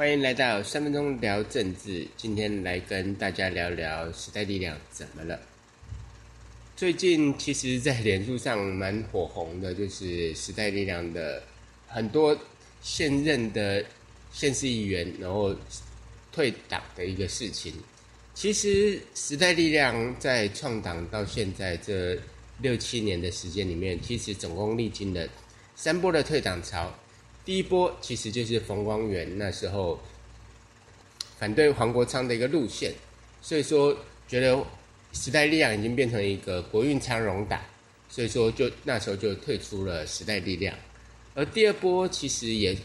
歡迎來到三分鐘聊政治。今天來跟大家聊聊時代力量怎麼了。最近其實，在臉書上蠻火紅的，就是時代力量的很多現任的縣市議員，然後退黨的一個事情。其實，時代力量在創黨到現在這六七年的時間裡面，其實總共歷經了三波的退黨潮。第一波其實就是馮光遠那時候反對黃國昌的一個路線，所以說覺得時代力量已經變成一個國運昌容黨，所以說就那時候就退出了時代力量。而第二波其實也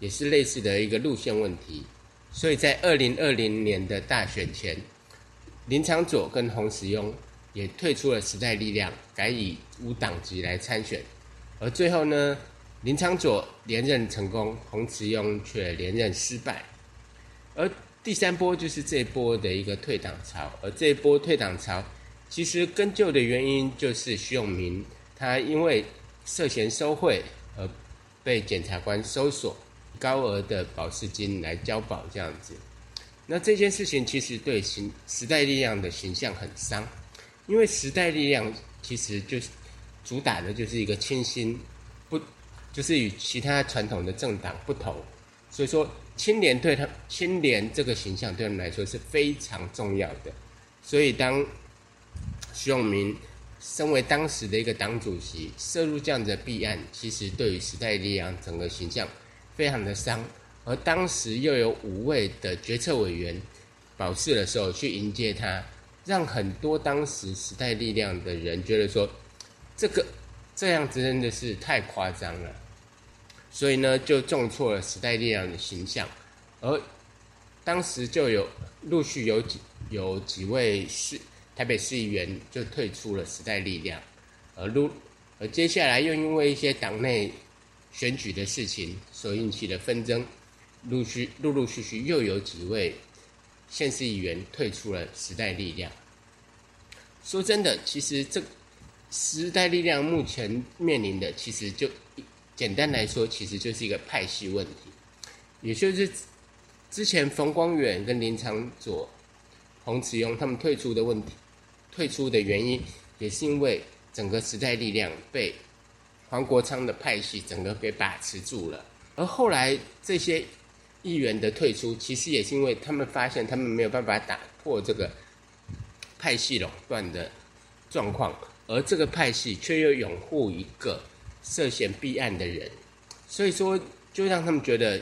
也是類似的一個路線問題，所以在二零二零年的大選前，林昶佐跟洪慈庸也退出了時代力量，改以無黨籍來參選。而最後呢？林昶佐連任成功，洪慈庸卻連任失敗。而第三波就是這一波的一個退黨潮，而這一波退黨潮，其實根究的原因就是徐永明他因為涉嫌收賄而被檢察官搜索，高額的保釋金來交保這樣子。那這件事情其實對形時代力量的形象很傷，因為時代力量其實就主打的就是一個清新。就是與其他傳統的政黨不同，所以說清廉對他清廉這個形象對他們來說是非常重要的。所以當徐永明身為當時的一個黨主席，涉入這樣的弊案，其實對於時代力量整個形象非常的傷。而當時又有五位的決策委員保釋的時候去迎接他，讓很多當時時代力量的人覺得說，這個這樣子真的是太誇張了。所以呢，就重挫了時代力量的形象，而當時就有陸續有幾有幾位市台北市議員就退出了時代力量，而陸而接下來又因為一些黨內選舉的事情，所引起的紛爭，陸續陸陸續續又有幾位縣市議員退出了時代力量。說真的，其實這時代力量目前面臨的其實就。簡單來說，其實就是一個派系問題，也就是之前馮光遠跟林昶佐、洪慈庸他們退出的問題，退出的原因也是因為整個時代力量被黃國昌的派系整個給把持住了，而後來這些議員的退出，其實也是因為他們發現他們沒有辦法打破這個派系壟斷的狀況，而這個派系卻又擁護一個。涉嫌弊案的人，所以說就讓他們覺得，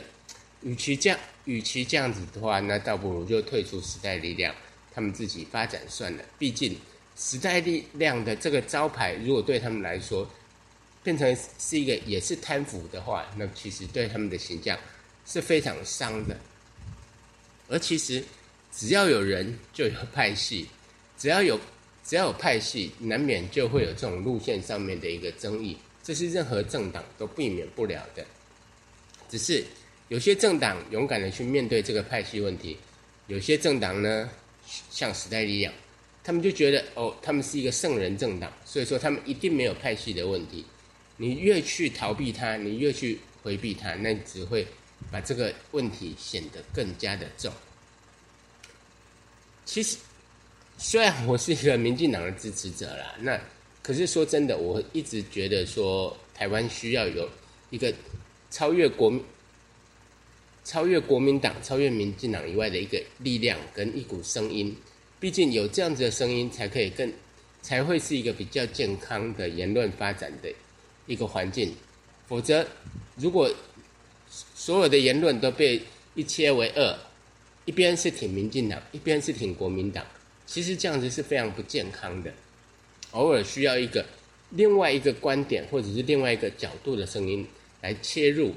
與其這樣，與其這樣子的話，那倒不如就退出時代力量，他們自己發展算了。畢竟時代力量的這個招牌，如果對他們來說變成是一個也是貪腐的話，那其實對他們的形象是非常傷的。而其實只要有人就有派系，只要有只要有派系，難免就會有這種路線上面的一個爭議。這是任何政黨都避免不了的，只是有些政黨勇敢的去面對這個派系問題，有些政黨呢，像時代力量，他們就覺得哦，他們是一個聖人政黨，所以說他們一定沒有派系的問題。你越去逃避它，你越去回避它，那你只會把這個問題顯得更加的重。其實，雖然我是一個民進黨的支持者啦，那。可是說真的，我一直覺得說台灣需要有一個超越國民、超越國民黨、超越民進黨以外的一個力量跟一股聲音。畢竟有這樣子的聲音，才可以更才會是一個比較健康的言論發展的一個環境。否則，如果所有的言論都被一切為二，一邊是挺民進黨，一邊是挺國民黨，其實這樣子是非常不健康的。偶爾需要一個另外一個觀點，或者是另外一個角度的聲音來切入，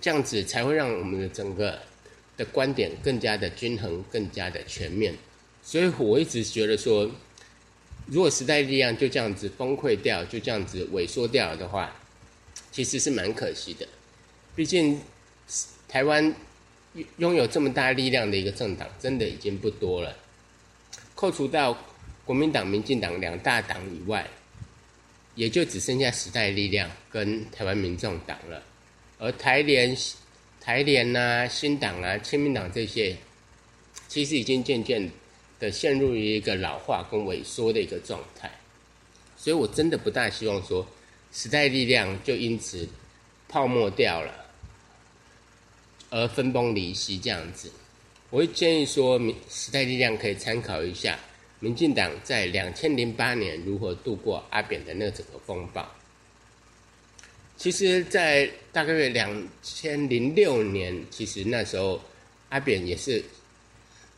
這樣子才會讓我們的整個的觀點更加的均衡，更加的全面。所以我一直覺得說，如果時代力量就這樣子崩潰掉，就這樣子萎縮掉的話，其實是蠻可惜的。畢竟台灣擁有這麼大力量的一個政黨，真的已經不多了，扣除到。國民黨、民進黨兩大黨以外，也就只剩下時代力量跟台灣民眾黨了。而台聯、台聯啊、新黨啊、親民黨這些，其實已經漸漸的陷入於一個老化跟萎縮的一個狀態。所以我真的不大希望說時代力量就因此泡沫掉了而分崩離析這樣子。我會建議說，時代力量可以參考一下。民進黨在兩千零八年如何度過阿扁的那整個風暴？其實，在大概兩千零六年，其實那時候阿扁也是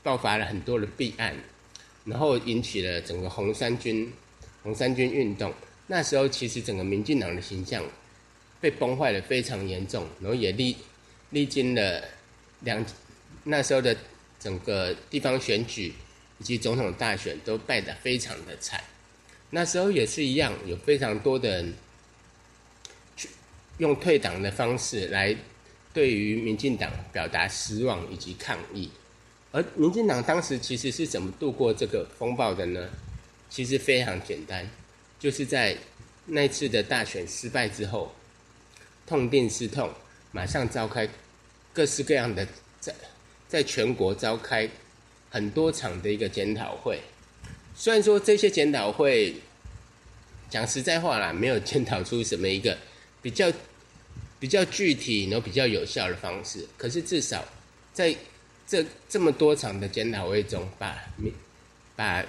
爆發了很多的弊案，然後引起了整個紅衫軍、紅衫軍運動。那時候，其實整個民進黨的形象被崩壞的非常嚴重，然後也歷歷經了兩那時候的整個地方選舉。以及總統大選都敗得非常的慘，那時候也是一樣，有非常多的人去用退黨的方式來對於民進黨表達失望以及抗議。而民進黨當時其實是怎麼度過這個風暴的呢？其實非常簡單，就是在那次的大選失敗之後，痛定思痛，馬上召開各式各樣的在在全國召開。很多場的一個檢討會，雖然說這些檢討會講實在話啦，沒有檢討出什麼一個比較比較具體然後比較有效的方式，可是至少在這這麼多場的檢討會中，把把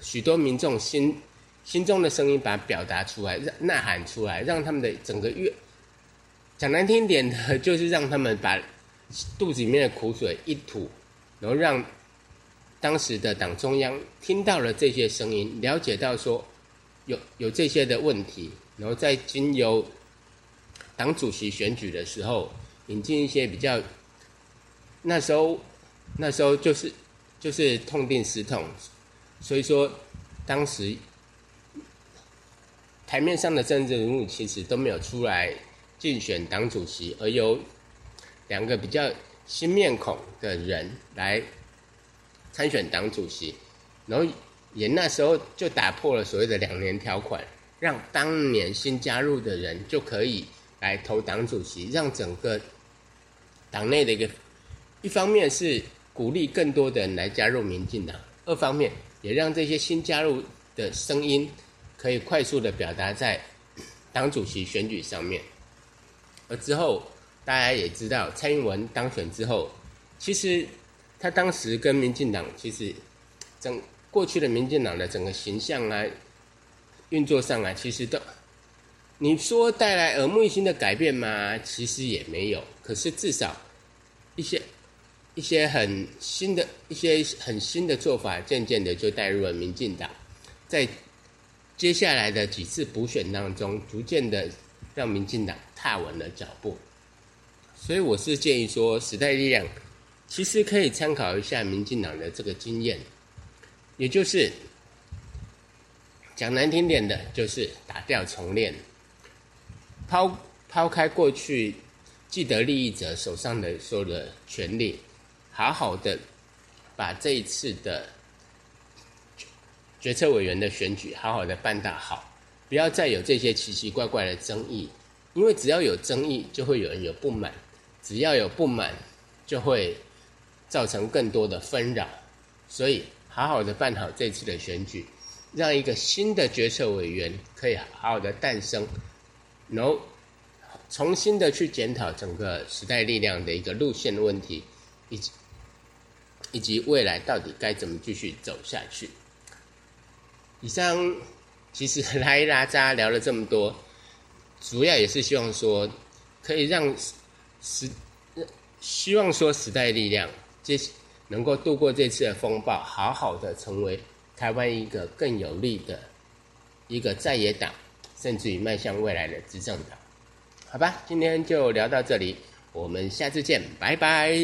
許多民眾心心中的聲音把表達出來，讓吶喊出來，讓他們的整個月，講難聽點的，就是讓他們把肚子裡面的苦水一吐，然後讓。當時的黨中央聽到了這些聲音，了解到說有有這些的問題，然後在經由黨主席選舉的時候，引進一些比較，那時候那時候就是就是痛定思痛，所以說當時台面上的政治人物其實都沒有出來競選黨主席，而由兩個比較新面孔的人來。參選黨主席，然後也那時候就打破了所謂的兩年條款，讓當年新加入的人就可以來投黨主席，讓整個黨內的一個，一方面是鼓勵更多的人來加入民進黨，二方面也讓這些新加入的聲音可以快速的表達在黨主席選舉上面。而之後大家也知道，蔡英文當選之後，其實。他當時跟民進黨其實整，整過去的民進黨的整個形象啊，運作上啊，其實都，你說帶來耳目一新的改變嗎？其實也沒有。可是至少一些一些很新的、一些很新的做法，漸漸的就帶入了民進黨，在接下來的幾次補選當中，逐漸的讓民進黨踏穩了腳步。所以我是建議說，時代力量。其實可以參考一下民進黨的這個經驗，也就是講難聽點的，就是打掉重練，拋拋開過去既得利益者手上的所有的權力，好好的把這一次的決策委員的選舉好好的辦大好，不要再有這些奇奇怪怪的爭議，因為只要有爭議，就會有人有不滿，只要有不滿，就會。造成更多的紛擾，所以好好的辦好這次的選舉，讓一個新的決策委員可以好好的誕生，然後重新的去檢討整個時代力量的一個路線問題，以及以及未來到底該怎麼繼續走下去。以上其實拉哩拉雜聊了這麼多，主要也是希望說可以讓時希望說時代力量。這能夠度過這次的風暴，好好的成為台灣一個更有力的，一個在野黨，甚至於邁向未來的執政黨。好吧，今天就聊到這裡，我們下次見，拜拜。